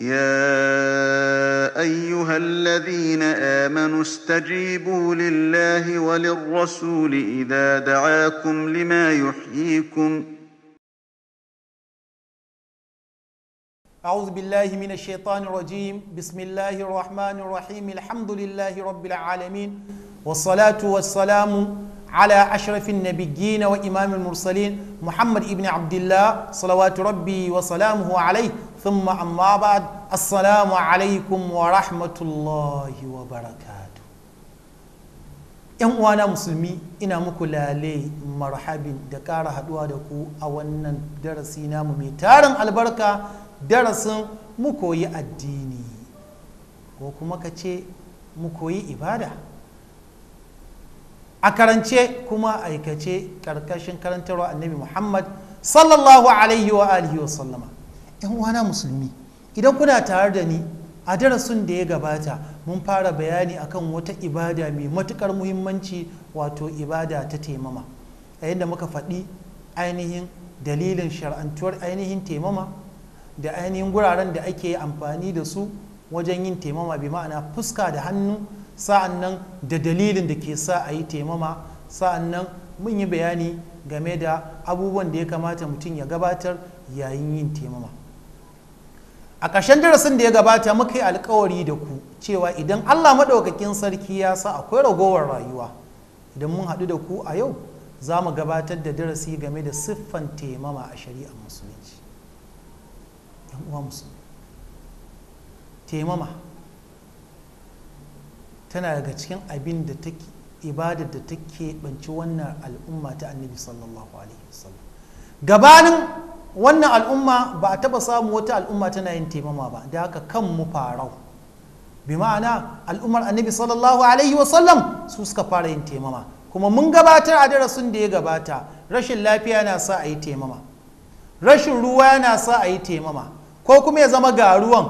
يا أيها الذين آمنوا استجيبوا لله وللرسول إذا دعاكم لما يحييكم أعوذ بالله من الشيطان الرجيم بسم الله الرحمن الرحيم الحمد لله رب العالمين والصلاة والسلام على أشرف النبيين وإمام المرسلين محمد ابن عبد الله صلوات ربي وسلامه عليه ثم أما بعد السلام عليكم ورحمة الله وبركاته ‘Yan uwana musulmi ina muku lale marhabin da ƙara haɗuwa da ku a wannan darasina namu mai tarin albarka darasin mu koyi addini ko kuma ka ce mu koyi ibada. a karance kuma aikace karkashin karantarwa annabi muhammad sallallahu alaihi wa alihi wa sallama yan uwana musulmi idan kuna tare da ni a darasin da ya gabata mun fara bayani akan wata ibada mai matukar muhimmanci wato ibada ta taimama yayin da muka faɗi ainihin dalilin shar'antuwar ainihin taimama da ainihin guraren da ake amfani da su wajen yin taimama bi ma'ana fuska da hannu sa'an nan da dalilin da ke sa a yi taimama sa'an nan mun yi bayani game da abubuwan da ya kamata mutum ya gabatar yayin yin taimama a ƙarshen darasin da ya gabata muka yi alkawari da ku cewa idan allah maɗaukakin sarki ya sa akwai ragowar rayuwa idan mun haɗu da ku a yau za mu gabatar da darasi game da siffan taimama a shari'a musulunci uwa musulmi taimama tana daga cikin abin da ta ibadar da take banci wannan al'umma ta annabi sallallahu alaihi wasallam gabanin wannan al'umma ba a taba samu wata al'umma tana yin taimama ba da haka kan mu farau bi ma'ana al'ummar annabi sallallahu alaihi wasallam su suka fara yin taimama kuma mun gabatar a darasin da ya gabata rashin lafiya na sa a yi taimama rashin ruwa na sa a yi taimama ko kuma ya zama garuwan,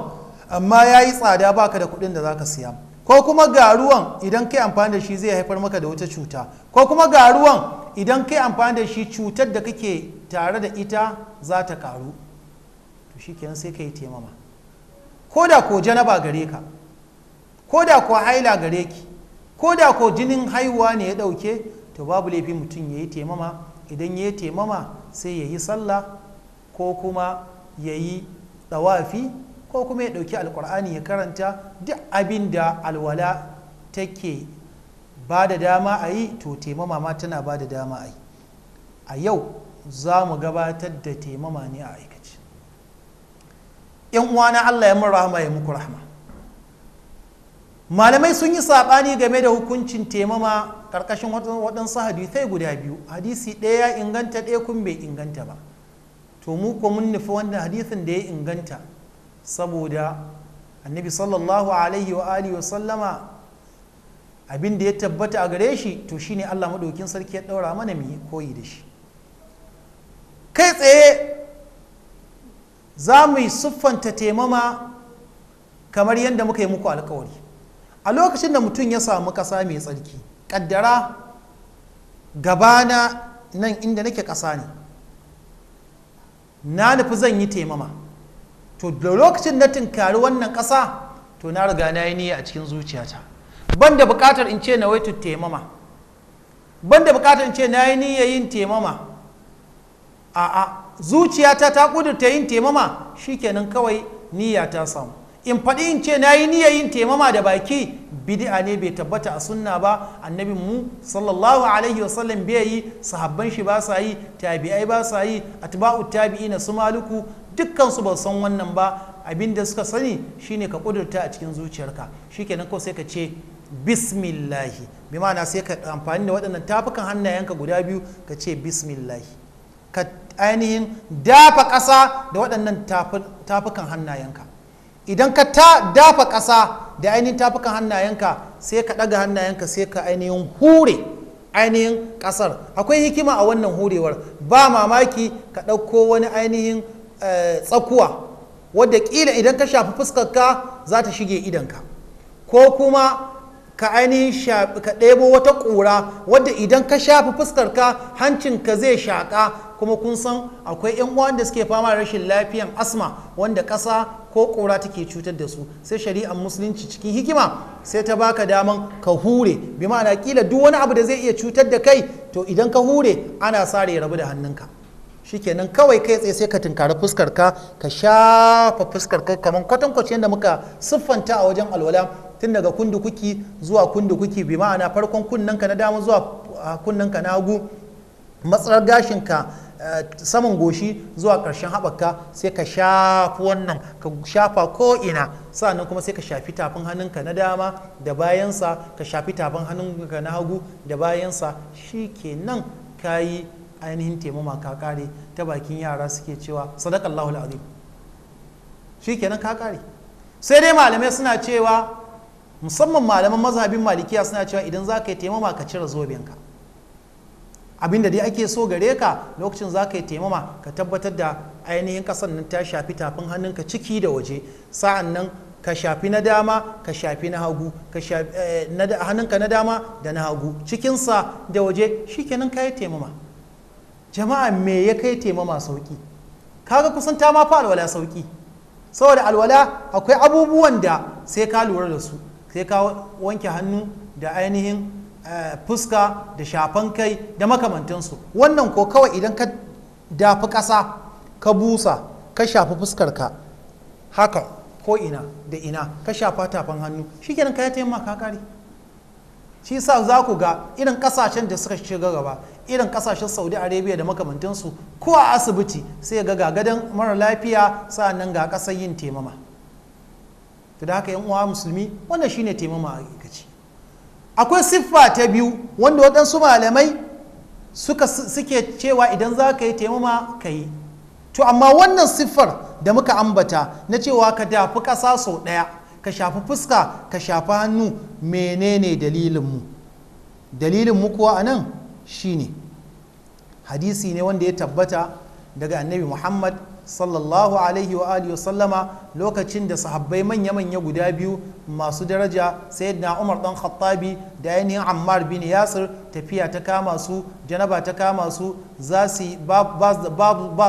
amma ya yi tsada baka da kuɗin da zaka siya ko kuma garuwan, idan kai amfani da shi zai haifar maka da wata cuta ko kuma garuwan. idan kai amfani da shi cutar da kake tare da ita za ta karu to shi kenan sai ka yi taimama ko da ko janaba gare ka ko da ko haila gare ki ko da ko jinin haihuwa ne ya dauke to babu laifi mutum ya yi taimama idan ya yi taimama sai ya yi sallah ko kuma ya yi tsawafi ko kuma ya ɗauki alkur'ani ya karanta duk abin da alwala take ba da dama a yi to taimama ma tana ba da dama a yi a yau za mu gabatar da taimama ne a aikace yan uwana allah ya mun rahama ya muku rahama malamai sun yi saɓani game da hukuncin taimama ƙarƙashin waɗansu hadisai guda biyu hadisi ɗaya ya inganta ɗaya kun bai inganta ba to mu ko mun nufi wannan hadisin da ya inganta saboda annabi sallallahu alaihi wa wa sallama abin da ya tabbata a gare shi to shine Allah maɗaukin sarki ya ɗaura mana mu koyi da shi kai tsaye za mu yi siffanta taimama kamar yadda muka yi muku alkawari a lokacin da mutum ya samu ƙasa mai tsarki ƙaddara gabana nan inda nake ƙasa ne na nufi zan yi taimama to da lokacin na tunkari wannan ƙasa to na riga na yi niyya a cikin zuciyata Banda bukatar buƙatar in ce na waitu taimama banda bukatar in ce na yi niyyar yin taimama a'a zuciyata ta kudurta yin taimama shikenan kawai niyya ta samu in faɗi in ce na yi niyyar yin taimama da baki bid'a ne bai tabbata a sunna ba annabin mu sallallahu alaihi wasallam bai yi sahabban shi ba sa yi tabi'ai ba sa yi atba'u tabi'ina su maluku dukkan su ba san wannan ba abin da suka sani shine ka kudurta a cikin zuciyarka shikenan ko sai ka ce bismillahi bi ma'ana sai ka amfani da waɗannan tafukan hannayenka guda biyu ka ce bismillahi ka ainihin dafa ƙasa da waɗannan tafukan hannayenka idan ka ta dafa ƙasa da ainihin tafukan hannayenka sai ka ɗaga hannayenka sai ka ainihin hure ainihin ƙasar akwai hikima a wannan hurewar ba mamaki ka ɗauko wani ainihin eh, tsakuwa wadda ƙila idan ka shafi fuskarka za ta shige idanka ko kuma ka ainihin ka ɗebo wata ƙura wadda idan ka shafi fuskarka ka zai shaƙa kuma kun san akwai 'yan uwan da suke fama rashin lafiyan asma wanda ƙasa ko ƙura take cutar da su sai shari'ar musulunci cikin hikima sai ta baka daman ka hure bi ma'ana kila duk wani abu da zai iya cutar da kai to idan ka hure ana sare rabu da hannunka shikenan kawai kai tsaye sai ka tunkari fuskar ka ka shafa fuskar ka kamar kwatankwacin da muka siffanta a wajen alwala tun daga kundu kuki zuwa kundu kuki bi ma'ana farkon kunnanka na dama zuwa kunnanka na hagu matsalar gashinka eh, saman goshi zuwa ƙarshen haɓaka sai ka shafi wannan ka shafa ko'ina sannan kuma sai ka shafi tafin hannunka na dama da bayansa ka shafi tafin hannunka na hagu da bayansa shi ke nan ka yi ainihin taimama ka kare ta bakin yara suke cewa sadakallahu al'adu. shi ke nan ka kare sai dai malamai suna cewa musamman malaman mazhabin malikiya suna cewa idan za ka yi taimama ka cire zobenka abinda dai ake so gare ka lokacin za ka yi taimama ka tabbatar da ainihin kasan nan ta shafi tafin hannunka ciki da waje sa'an nan ka shafi na dama ka shafi na hagu eh, hannunka na dama da na hagu cikinsa da waje shi kenan ka yi taimama jama'a me ya kai taimama sauki kaga kusan ta ma fa alwala sauki saboda alwala akwai abubuwan da sai ka lura da su sai ka wanke hannu da ainihin eh, fuska da shafan kai da makamantansu wannan ko kawai idan ka dafi ƙasa ka busa ka shafi fuskarka haka ko ina da ina ka shafa tafan hannu shi kenan ka yi ka kare shi sa za ku ga irin kasashen da suka shiga gaba irin kasashen saudi arabia da makamantansu ko a asibiti sai ga gagadan mara lafiya sa nan ga ƙasar yin temama to da haka yan uwa musulmi wannan shine taimama a aikaci akwai siffa ta biyu wanda waɗansu malamai suka suke cewa idan za ka yi taimama ka yi to amma wannan siffar da muka ambata na cewa ka dafi ƙasa sau ɗaya ka shafi fuska ka shafi hannu menene dalilinmu dalilinmu kuwa a nan shi ne. hadisi ne wanda ya tabbata daga annabi muhammad sallallahu alaihi wa alihi sallama lokacin da sahabbai manya-manya guda biyu masu daraja na umar dan khattabi da yanayin ammar bin yasir tafiya ta kama su janaba ta kama su za su ba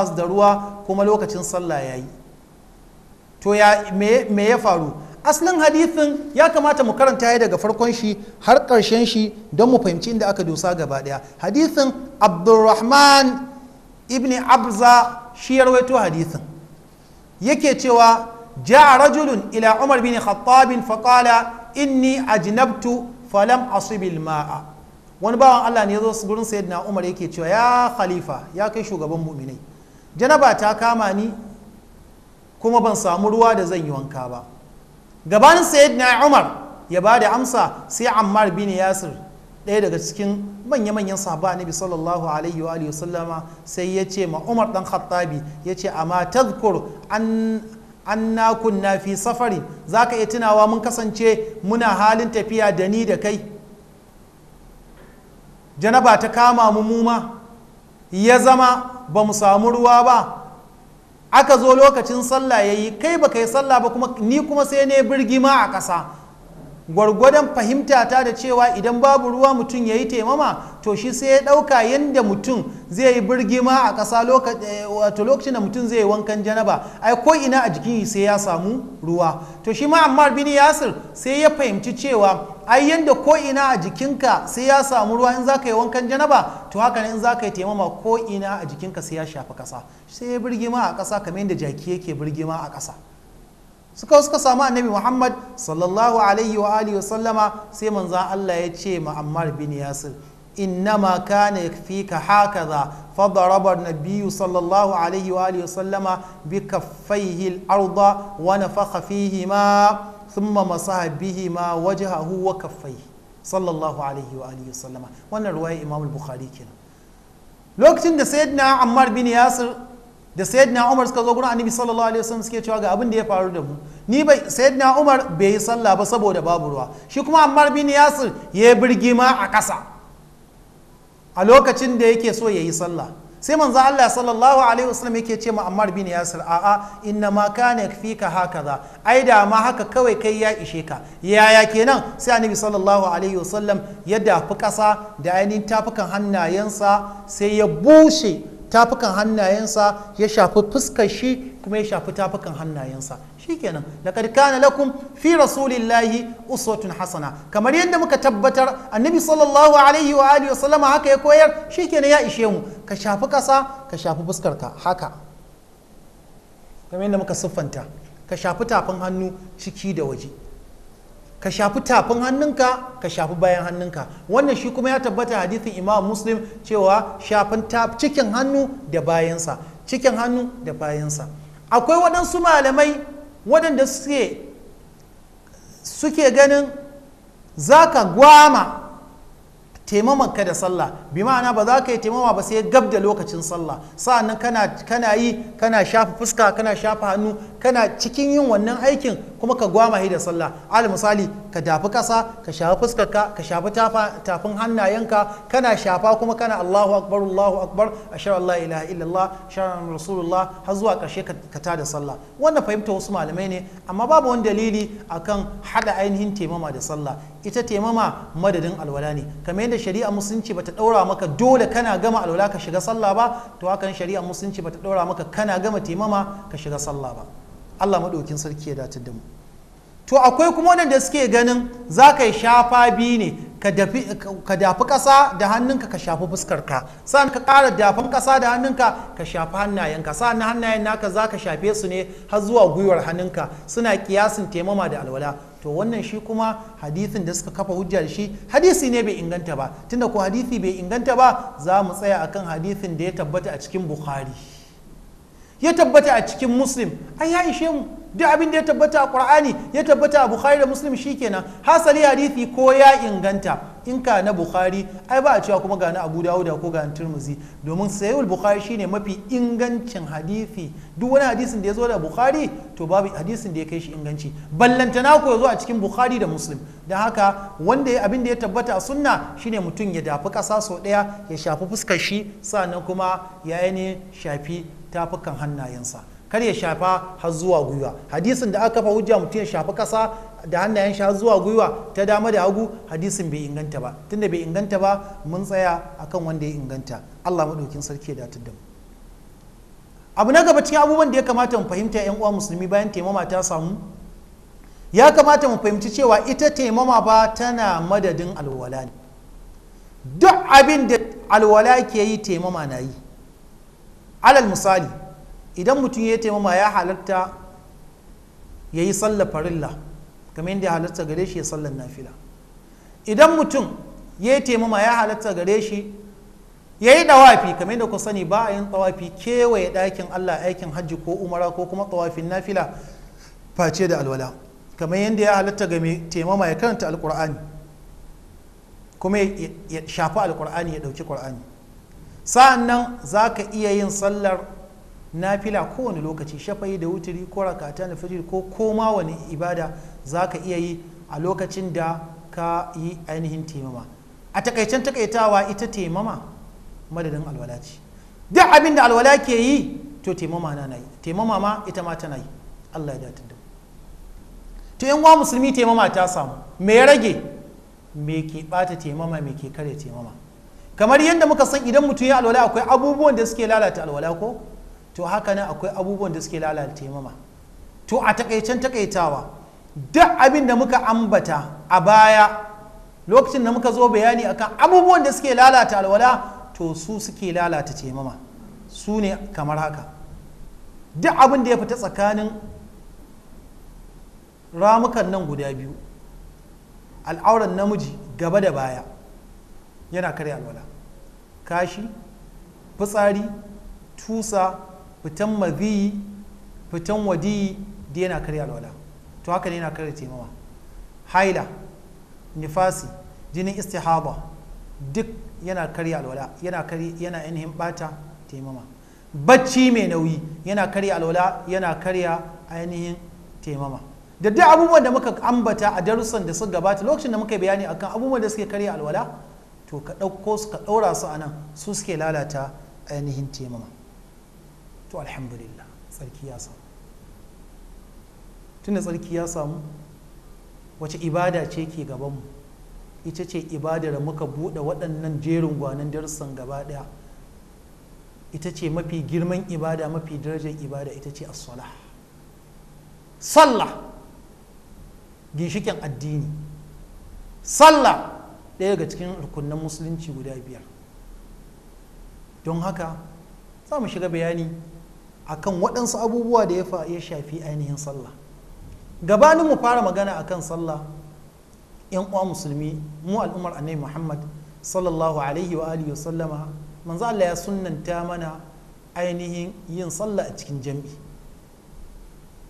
su da ruwa kuma lokacin sallah ya yi to ya me ya faru asalin hadithin ya kamata mu karanta ya daga farkon shi har ƙarshen shi don mu fahimci inda aka dosa gaba ɗaya hadithin abdulrahman ibn abza shi ya rawaito hadisin yake cewa ja'a rajulun ila umar bin khattabin faqala inni ajnabtu falam asibil ma'a wani bawan Allah ne ya zo gurin sayyidina umar yake cewa ya khalifa ya kai shugaban mu'minai janaba ta kama ni kuma ban samu ruwa da zan yi wanka ba gabanin sayyidina umar ya ba da amsa sai ammar bin yasir ɗaya daga cikin manya-manyan sahaba annabi sallallahu alaihi wa sallama sai ya ce ma umar ɗan khattabi ya ce amma tadhkur an na kunna fi safari zaka iya tunawa mun kasance muna halin tafiya da ni da kai janaba ta kama mu muma ya zama ba mu samu ruwa ba aka zo lokacin sallah ya yi kai baka yi sallah ba kuma ni kuma sai ne birgima a ƙasa gwargwadon fahimta ta da cewa idan babu ruwa mutum ya yi taimama to shi sai ya ɗauka yadda mutum zai yi birgima a ƙasa eh, lokacin da mutum zai yi wankan janaba ai ko ina a jikin sai ya samu ruwa to shi ma amma bin yasir sai ya fahimci cewa ai yadda ko ina a jikinka sai ya samu ruwa in za ka yi wankan janaba to haka ne in za ka yi taimama ko ina a jikinka sai ya shafi ƙasa sai ya birgima a ƙasa kamar yadda jaki yake birgima a ƙasa suka suka samu annabi muhammad sallallahu alaihi wa alihi wa sallama sai manza allah ya ce ma ammar bin yasir innama kana fika haka za fadarabar na biyu sallallahu alaihi wa alihi wa sallama bi kafaihi arda wa na faka fihi ma thumma masaha bihi ma wa kafai sallallahu alaihi wa alihi wa sallama wannan ruwaya imam al-bukhari kenan lokacin da sayyidina ammar bin yasir da sayyidina umar suka zo gurin annabi sallallahu alaihi wasallam suke cewa ga abin da ya faru da mu ni bai sayyidina umar bai yi sallah ba saboda babu ruwa shi kuma ammar bin yasir ya yi birgima a ƙasa a lokacin da yake so ya yi sallah sai manzo Allah sallallahu alaihi wasallam yake ce ma ammar bin yasir a'a inna ma kana haka za. ai da ma haka kawai kai ya ishe ka yaya kenan sai annabi sallallahu alaihi wasallam ya dafi ƙasa da ainihin tafukan hannayensa sai ya bushe tafukan hannayensa ya shafi fuskar shi kuma ya shafi tafukan hannayensa shikenan laqad kana lakum fi rasulillahi uswatun hasana kamar yadda muka tabbatar annabi sallallahu alaihi wa alihi wasallama haka ya koyar shikenan ya ishe mu ka shafi kasa ka shafi fuskarka haka kamar yadda muka siffanta ka shafi tafin hannu ciki da waje ka shafi tafin hannunka ka shafi bayan hannunka wannan shi kuma ya tabbata hadithin imam muslim cewa shafin cikin hannu da bayansa cikin hannu da bayansa akwai waɗansu malamai waɗanda suke suke ganin za ka gwama taimamanka da sallah bi ma'ana ba za ka yi taimama ba sai gab da lokacin sallah sa'annan kana kana yi kana shafa fuska kana shafa hannu kana cikin yin wannan aikin kuma ka gwama da sallah al misali ka dafi kasa ka shafi fuskarka ka shafi tafin hannayenka kana shafa kuma kana Allahu akbar Allahu akbar ashhadu an ilaha illallah ashhadu rasulullah har zuwa karshe ka da sallah wannan fahimta wasu malamai ne amma babu wani dalili akan hada ainihin temama da sallah ita temama madadin alwala ne kamar yadda shari'a musulunci bata daura maka dole kana gama alwala ka shiga sallah ba to hakan shari'a musulunci bata daura maka kana gama temama ka shiga sallah ba Allah maɗaukin sarki ya dace da mu to akwai kuma waɗanda suke ganin za ka yi shafa biyu ne ka dafi ƙasa da hannunka ka shafi fuskarka sa'an ka ƙara dafan ƙasa da hannunka ka shafi hannayenka sa'an na hannayen naka za ka shafe su ne har zuwa gwiwar hannunka suna kiyasin taimama da alwala to wannan shi kuma hadisin da suka kafa hujja da shi hadisi ne bai inganta ba tunda ko hadisi bai inganta ba za mu tsaya akan hadisin da ya tabbata a cikin bukhari ya tabbata a cikin muslim ai ya ishe mu duk abin da ya tabbata a qur'ani ya tabbata a bukhari da muslim shikenan hasali hadithi ko ya inganta in ka na bukhari ai ba a cewa kuma ga na abu dawuda ko ga turmuzi domin sayyid bukhari shine mafi ingancin hadithi duk wani hadisin da ya zo da bukhari to babu hadisin da ya kai shi inganci ballantana ko ya zo a cikin bukhari da muslim da haka wanda abin da ya tabbata a sunna shine mutum ya dafi kasa sau daya ya shafi fuskar shi sannan kuma ya ne shafi tafukan hannayensa kar ya shafa har zuwa gwiwa hadisin da aka kafa hujja mutum ya shafa kasa da hannayen shi har zuwa gwiwa ta dama da hagu hadisin bai inganta ba tunda bai inganta ba mun tsaya akan wanda ya inganta Allah madaukin sarki ya datar da mu abu na gaba cikin abubuwan da ya kamata mu fahimta yan uwa musulmi bayan taimama ta samu ya kamata mu fahimci cewa ita taimama ba tana madadin alwala ne duk abin da alwala ke yi taimama na yi alal misali idan mutum ya taimama ya halatta ya yi sallar farilla kamar yadda ya halatta gare shi ya sallar nafila idan mutum ya yi taimama ya halatta gare shi ya yi dawafi kamar yadda ku sani ba a yin tawafi kewaye ɗakin allah aikin hajji ko umara ko kuma na nafila face da alwala kamar yadda ya halatta ga mai taimama ya karanta alkur'ani kuma ya shafi alkur'ani ya ɗauki kur'ani sa'an nan za ka iya yin sallar nafila kowane lokaci shafa'i da wuturi ko rakata na fajir ko koma wani ibada za ka iya yi a lokacin da ka yi ainihin taimama a takaicen takaitawa ita taimama madadin alwala ce duk abin da alwala ke yi to taimama na yi taimama ma ita ma tana yi allah ya datar da to yan wa musulmi taimama ta samu me ya rage me ke bata taimama me ke kare taimama kamar yadda muka san idan mutum ya alwala akwai abubuwan da suke lalata alwala ko to haka nan akwai abubuwan da suke lalata taimama to a takaicen takaitawa duk abin da muka ambata a baya lokacin da muka zo bayani akan abubuwan da suke lalata alwala to su suke lalata taimama su ne kamar haka duk abin da ya fita tsakanin ramukan nan guda biyu al'auran namiji gaba da baya yana karya alwala kashi fitsari tusa fitan mazi fitan wadi da yana karya alwala to haka ne yana karya taimama haila nifasi jinin istihaba duk yana karya alwala yana kari yana ainihin bata taimama bacci mai nauyi yana karya alwala yana karya ainihin taimama da duk abubuwan da muka ambata a darussan da suka gabata lokacin da muka bayani akan abubuwan da suke karya alwala to ka ɗauko su ka ɗaura su a nan su suke lalata ainihin taimama to alhamdulillah tsarki ya samu tunda tsarki ya samu wace ibada ce ke gabanmu ita ce ibadar muka buɗe waɗannan jerin gwanan darussan gaba ɗaya ita ce mafi girman ibada mafi darajar ibada ita ce as-sala sallah ginshikin addini sallah ɗaya daga cikin rukunan musulunci guda biyar don haka za mu shiga bayani akan waɗansu abubuwa da ya shafi ainihin sallah gabanin mu fara magana akan sallah yan uwa musulmi mu al'ummar annabi muhammad sallallahu alaihi wa alihi sallama manzo Allah ya sunnanta mana ainihin yin sallah a cikin jam'i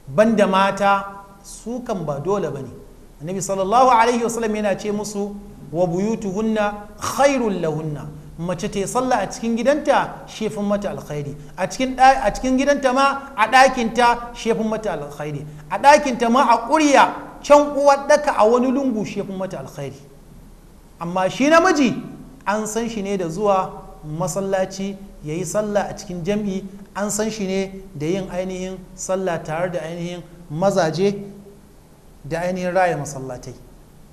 banda mata su kan ba dole bane annabi sallallahu alaihi wa sallam yana ce musu wa buyutuhunna khairul lahunna mace ta yi sallah a cikin gidanta shefin mata alkhairi a cikin a cikin gidanta ma a ɗakin ta shefin mata alkhairi a ɗakinta ma a ƙurya can uwar daka a wani lungu shefin mata alkhairi amma shi namiji an san shi ne da zuwa masallaci ya yi sallah a cikin jam'i an san shi ne da yin ainihin sallah tare da ainihin mazaje da ainihin raya masallatai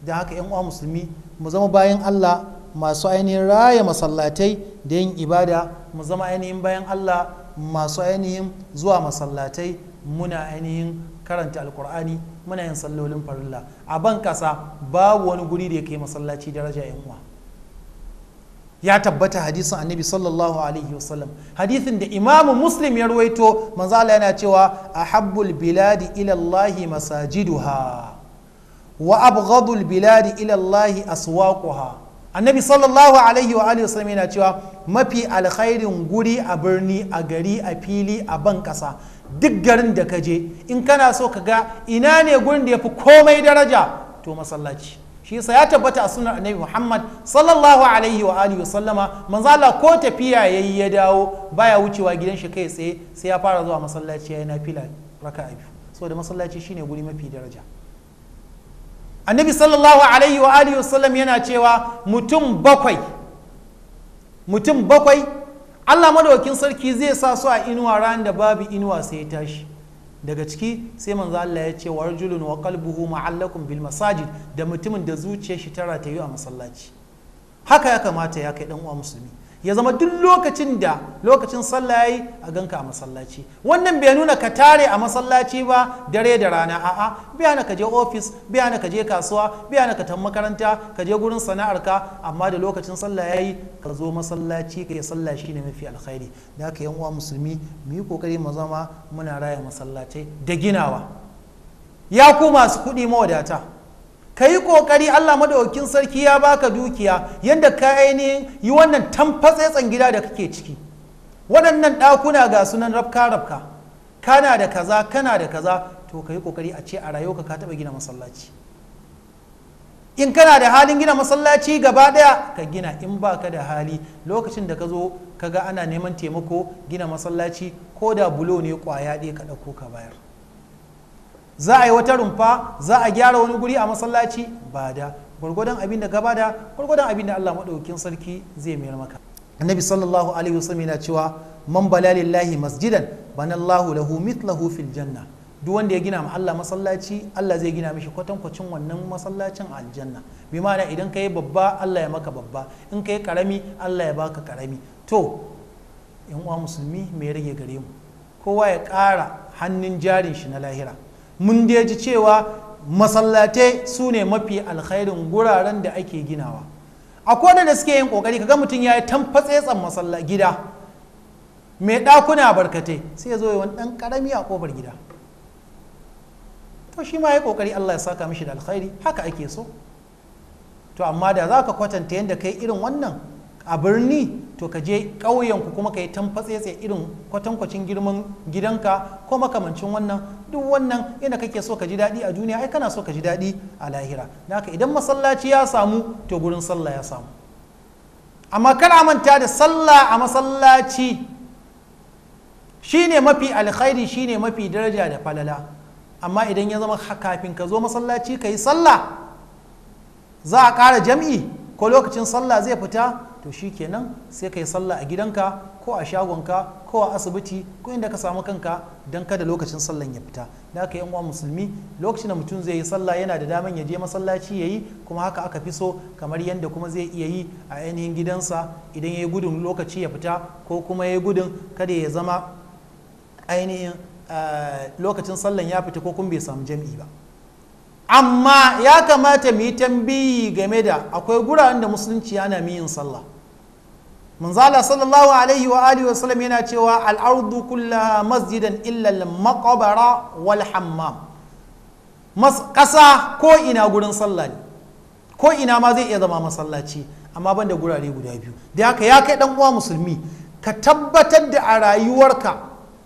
da haka 'yan uwa musulmi mu zama bayan allah masu ainihin raya masallatai da yin ibada mu zama ainihin bayan allah masu ainihin zuwa masallatai muna ainihin karanta alkur'ani muna yin sallolin farilla a ban kasa babu wani guri da ya kai masallaci daraja yan uwa ya tabbata hadisin annabi sallallahu alaihi wasallam hadisin da imamu muslim ya ruwaito manzo yana cewa ahabbul biladi ila masajiduha wa abghadul biladi ila Allah aswaquha annabi sallallahu alaihi wa alihi wasallam yana cewa mafi alkhairin guri a birni a gari a fili a ban kasa duk garin da ka je in kana so ka ga ina ne gurin da ya fi komai daraja to masallaci shi yasa ya tabbata a sunan annabi muhammad sallallahu alaihi wa alihi wasallama manzo Allah ko tafiya yayi ya dawo baya wucewa gidan shi kai tsaye sai ya fara zuwa masallaci yana fila raka'a biyu saboda masallaci shine guri mafi daraja annabi sallallahu alaihi wa alihi wasallam yana cewa mutum bakwai mutum bakwai Allah madawakin sarki zai sa su a inuwa ran da babu inuwa sai ya tashi daga ciki sai manzo Allah ya ce wa rajulun wa qalbuhu ma'allakum bil masajid da mutumin da zuciyar shi tara ta yi a masallaci haka ya kamata ya kai dan uwa musulmi ya zama duk lokacin da lokacin sallah yayi a ganka a masallaci wannan bai nuna ka tare a masallaci ba dare da rana a'a biya na ka je ofis biya na ka je kasuwa biya na ka tan makaranta ka je gurin sana'arka amma da lokacin sallah yayi ka zo masallaci ka yi sallah shi ne mafi alkhairi da haka yan uwa musulmi mu yi kokari mu zama muna raya masallacai? da ginawa ya ku masu kuɗi mawadata ka yi ƙoƙari Allah madaukin sarki ya baka dukiya yadda ka ainihin yi wannan tamfatsetsen gida da kake ciki waɗannan ɗakuna ga sunan rafka rafka kana da kaza kana da kaza to ka yi ƙoƙari a ce a rayuwa ka taɓa gina masallaci in kana da halin gina masallaci gaba ɗaya ka gina in ba ka da hali lokacin da ka zo ka ga ana neman taimako gina masallaci ko da bulo ne ƙwaya ɗaya ka ɗauko ka bayar za a yi wata rumfa za a gyara wani guri a masallaci ba da gwargwadon abin da ka bada gwargwadon abin da Allah maɗaukin sarki zai mayar maka annabi sallallahu alaihi wasallam yana cewa man bala lillahi masjidan banallahu lahu mithlahu fil janna duk wanda ya gina ma Allah masallaci Allah zai gina mishi kwatankwacin wannan masallacin aljanna bi ma'ana idan kayi babba Allah ya maka babba in ka yi karami Allah ya baka karami to yan uwa musulmi me rage gare mu kowa ya ƙara hannun jarin shi na lahira mun ji cewa masallatai su ne mafi alkhairin guraren da ake ginawa akwai da suke yin kokari kaga mutum ya yi tamfatsetsen masalla gida mai ɗakuna barkatai sai ya zo wani ɗan ƙarami a ƙofar gida to shi ma ya ƙoƙari Allah ya saka mishi da alkhairi haka ake so to amma da za ka kwatanta yadda ka yi irin wannan a birni to ka je ƙauyenku kuma ka yi tamfatsetse irin kwatankwacin girman gidanka ko makamancin wannan duk wannan inda kake so ka ji daɗi a duniya ai kana so ka ji daɗi a lahira haka idan masallaci ya samu to gurin sallah ya samu amma kana manta da sallah a masallaci shine mafi alkhairi shine mafi daraja da falala amma idan ya zama kafin ka zo masallaci ka yi sallah za a ƙara jam'i ko lokacin sallah zai fita to shi kenan sai ka yi sallah a gidanka ko a shagonka ko a asibiti ko inda ka samu kanka don kada lokacin sallan ya fita da aka yan uwa musulmi lokacin da mutum zai yi sallah yana da daman ya je masallaci ya yi kuma haka aka fi so kamar yadda kuma zai iya yi a ainihin gidansa idan ya yi gudun lokaci ya fita ko kuma ya yi gudun kada ya zama ainihin eh, lokacin sallan ya fita ko kuma bai samu jam'i ba amma ya kamata mu yi tambayi game da akwai guraren da musulunci yana miyin sallah manzala sallallahu alaihi wa alihi wa sallam yana cewa al'ardu kulla masjidan illa maqbara wal hammam kasa ko ina gurin sallah ne ko ina ma zai iya zama masallaci amma banda gurare guda biyu da haka ya kai dan uwa musulmi ka tabbatar da a rayuwarka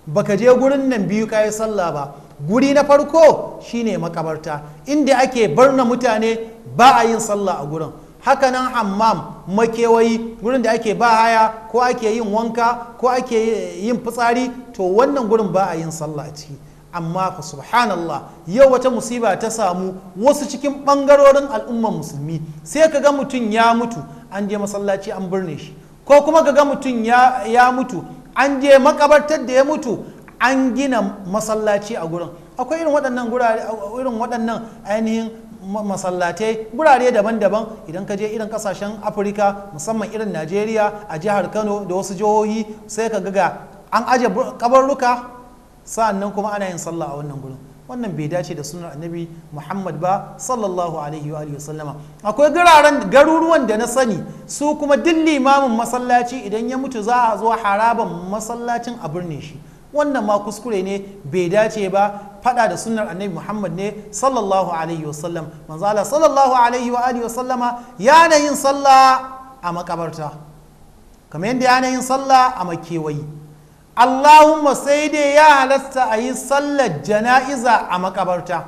baka je gurin nan biyu kayi sallah ba guri na farko shine makabarta inda ake barna mutane ba a yin sallah a gurin hakanan hammam makewayi gurin da ake ba haya ko ake yin wanka ko ake yin fitsari to wannan gurin ba a yin sallah a ciki amma fa subhanallah yau wata musiba ta samu wasu cikin bangarorin al'ummar musulmi sai ka ga mutum ya mutu an je masallaci an birne shi ko kuma ka ga mutum ya mutu an je makabartar da ya mutu an gina masallaci a gurin akwai irin waɗannan gurare irin waɗannan ainihin masallatai gurare daban-daban idan ka je irin kasashen afirka musamman irin najeriya a jihar kano da wasu jihohi sai ka ga an aje kabarruka sa'annan kuma ana yin sallah a wannan gurin wannan bai dace da sunan annabi muhammad ba sallallahu alaihi wa sallama akwai guraren garuruwan da na sani su kuma duk limamin masallaci idan ya mutu za a zo haraban masallacin a birne shi wannan ma kuskure ne bai dace ba fada da sunnar annabi muhammad ne sallallahu alaihi wasallam manzala sallallahu alaihi wa alihi wasallama yana yin sallah a makabarta kamar yadda yana yin sallah a makewayi allahumma sai dai ya halatta a yi sallar jana'iza a makabarta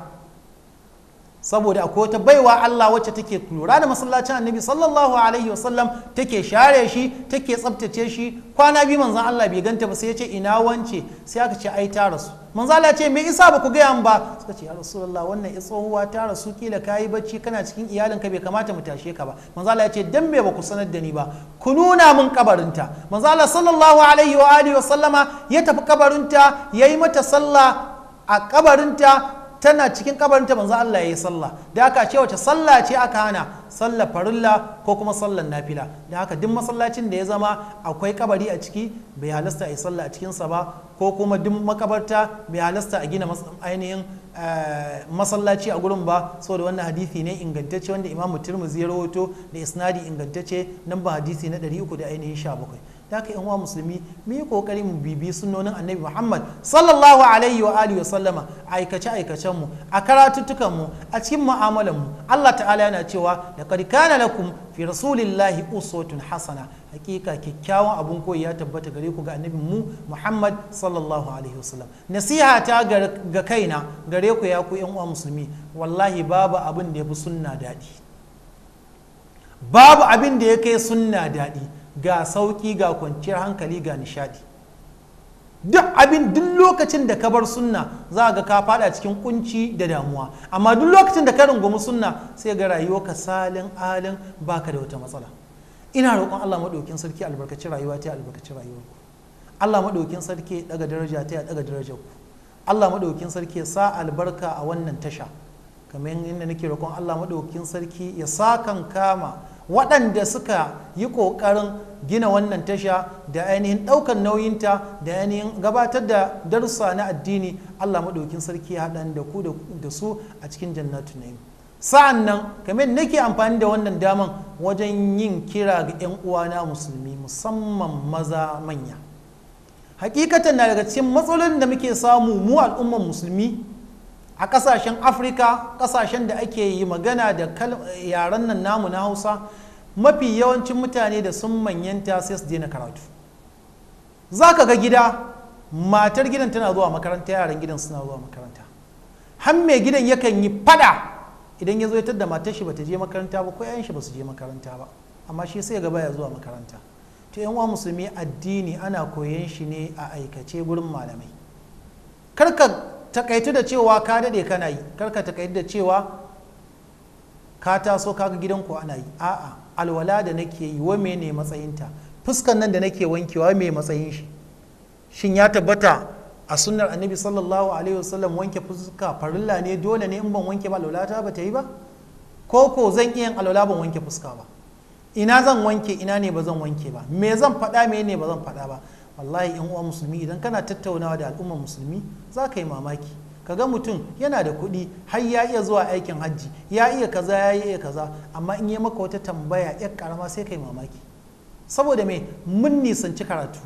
saboda akwai wata baiwa Allah wacce take lura da masallacin annabi sallallahu alaihi wasallam take share shi take tsabtace shi kwana biyu manzan Allah bai ganta ba sai ya ce ina wance sai aka ce ai ta rasu manzan Allah ce me isa ba ku gaya ba suka ce ya rasulullah wannan tsohuwa ta rasu kila kayi bacci kana cikin iyalinka bai kamata mu tashe ka ba manzan Allah ya ce dan me ba ku sanar da ni ba ku nuna min kabarinta manzan Allah sallallahu alaihi wa alihi wasallama ya tafi kabarinta yayi mata sallah a kabarinta tana cikin kabarinta manzo Allah ya yi sallah da haka ce wace sallah ce aka hana sallah farilla ko kuma sallar nafila da haka duk masallacin da ya zama akwai kabari a ciki bai halasta a yi sallah a cikinsa ba ko kuma duk makabarta bai halasta a gina ainihin Eh, masallaci a gurin ba saboda wannan hadisi ne ingantacce wanda imam turmuzi ya rawaito da isnadi ingantacce nan ba hadisi na ɗari uku da haka yan uwa musulmi mu yi kokari mu bibi sunonin annabi muhammad sallallahu alaihi wa alihi wa sallama aikace aikacen mu a karatuttukan mu a cikin mu'amalan mu allah ta'ala yana cewa da laqad kana lakum fi rasulillahi uswatun hasana hakika kyakkyawan abun koyi ya tabbata gare ku ga annabin mu Muhammad sallallahu alaihi wasallam nasiha ta ga kaina gare ku ya ku yan uwa musulmi wallahi babu abin da yafi sunna daɗi babu abin da ya kai sunna daɗi ga sauƙi ga kwanciyar hankali ga nishadi duk abin duk lokacin da ka bar sunna za ga ka fada cikin kunci da damuwa amma duk lokacin da ka rungumi sunna sai ga rayuwa ka salin alin baka da wata matsala ina roƙon Allah maɗaukin sarki albarkaci rayuwa ta albarkaci rayuwa Allah maɗaukin sarki daga daraja ta daga daraja ku Allah maɗaukin sarki ya sa albarka a wannan tasha kamar yadda nake roƙon Allah maɗaukin sarki ya sa kan kama waɗanda suka yi ƙoƙarin gina wannan tasha da ainihin ɗaukar nauyinta da ainihin gabatar da darussa na addini allah maɗaukin sarki ya haɗa da ku da su a cikin jannatu na sa'an nan kamar nake amfani da wannan daman wajen yin kira ga 'yan uwana musulmi musamman maza manya hakikatan na daga cikin matsalolin da muke samu mu al'umman musulmi a kasashen afirka kasashen da ake yi magana da yaren nan namu na hausa mafi yawancin mutane da sun manyanta sai su daina karatu za ka ga gida matar gidan tana zuwa makaranta yaran gidan suna zuwa makaranta har mai gidan yakan yi fada idan ya zo ya da matar shi ta je makaranta ba ko 'ya'yan shi ba su je makaranta ba amma shi sai gaba ya zuwa makaranta to yan uwa musulmi addini ana koyan shi ne a aikace gurin malamai karka takaitu da cewa ka dade kana yi karka takaitu da cewa ka taso kaga gidanku ana yi a'a alwala da nake yi wa mene matsayinta fuskan nan da nake wankewa mai matsayin shi shin ya tabbata a sunnar annabi sallallahu alaihi wasallam wanke fuska farilla ne dole ne in ban wanke ba alwala ta ba yi ba ko ko zan iya alwala ban wanke fuska ba ina zan wanke ina ne ba zan wanke ba me zan faɗa me ne ba zan faɗa ba wallahi yan uwa musulmi idan kana tattaunawa da al'ummar musulmi za ka yi mamaki ka ga mutum yana da kuɗi har ya iya zuwa aikin hajji ya iya kaza ya iya kaza amma in yi maka wata tambaya ya karama sai kai mamaki saboda me mun nisanci karatu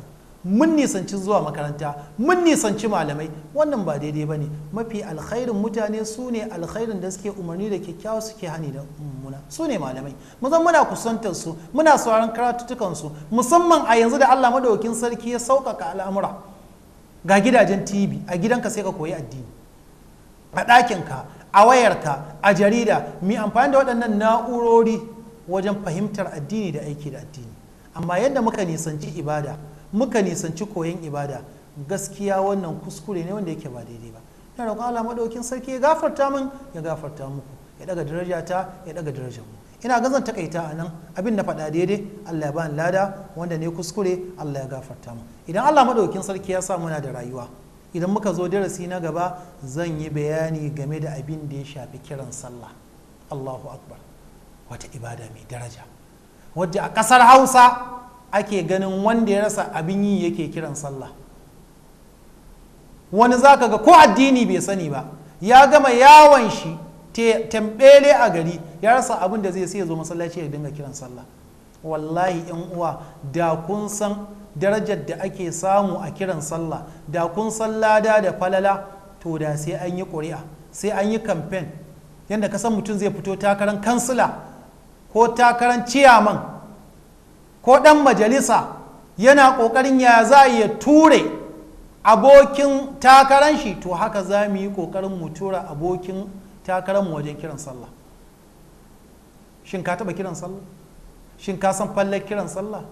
mun nisanci zuwa makaranta mun nisanci malamai wannan ba daidai ba ne mafi alkhairin mutane su ne alkhairin da suke umarni da kyakkyawa suke hani da su ne malamai zan muna kusantar su muna sauran karatutukan su musamman a yanzu da Allah madaukin sarki ya sauƙaƙa al'amura ga gidajen TV a gidanka sai ka koyi addini a ka a wayarka a jarida mi amfani da waɗannan na'urori wajen fahimtar addini da aiki da addini amma yadda muka nisanci ibada muka nisanci koyon ibada gaskiya wannan kuskure ne wanda yake ba daidai ba na roƙa Allah madaukin sarki ya gafarta min ya gafarta muku ya daga daraja ta ya daga darajar mu ina ga zan takaita a nan abin da faɗa daidai Allah ya bani lada wanda ne kuskure Allah ya gafarta mu idan Allah maɗaukin sarki ya sa muna da rayuwa idan muka zo darasi na gaba zan yi bayani game da abin da ya shafi kiran sallah Allahu akbar wata ibada mai daraja wadda a ƙasar Hausa ake ganin wanda ya rasa abin yi yake kiran sallah wani zaka ga ko addini bai sani ba ya gama yawon shi tambele a gari ya rasa abin da zai sai ya zo masallaci ya dinga kiran sallah wallahi in uwa da kun san darajar da ake samu a kiran sallah da kun san lada da falala to da sai an yi ƙuri'a sai an yi kamfen yadda ka san mutum zai fito takarar kansila ko takarar ciyaman ko ɗan majalisa yana ƙoƙarin ya za ya ture abokin takaran shi to haka za mu yi ƙoƙarin mu tura abokin takarar mu wajen kiran sallah shin ka taba kiran sallah shin ka san fallar kiran sallah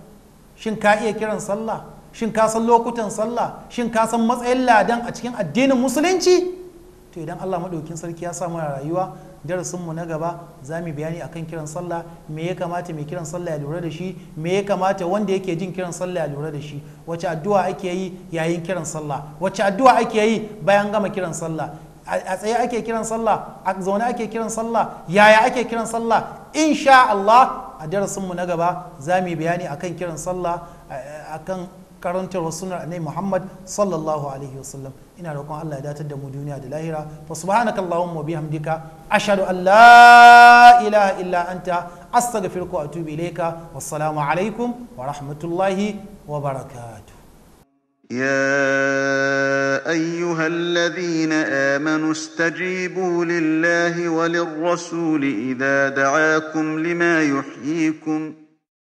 shin ka iya kiran sallah shin ka san lokutan sallah shin ka san matsayin ladan a cikin addinin musulunci to idan Allah maɗaukin sarki ya samu rayuwa darasinmu na gaba za mu bayani akan kiran sallah me ya kamata mai kiran sallah ya lura da shi me ya kamata wanda yake jin kiran sallah ya lura da shi wace addu'a ake yi yayin kiran sallah wace addu'a ake yi bayan gama kiran sallah a tsaye ake kiran sallah a zaune ake kiran sallah yaya ake kiran sallah insha Allah a darasinmu na gaba za mu yi bayani akan kiran sallah akan karantar sunar annabi Muhammad sallallahu alaihi wasallam ina roƙon Allah ya datar da mu duniya da lahira fa subhanaka allahumma bihamdika ashhadu an la ilaha illa anta astaghfiruka wa atubu ilayka wassalamu alaikum wa rahmatullahi wa barakatuh يا أيها الذين آمنوا استجيبوا لله وللرسول إذا دعاكم لما يحييكم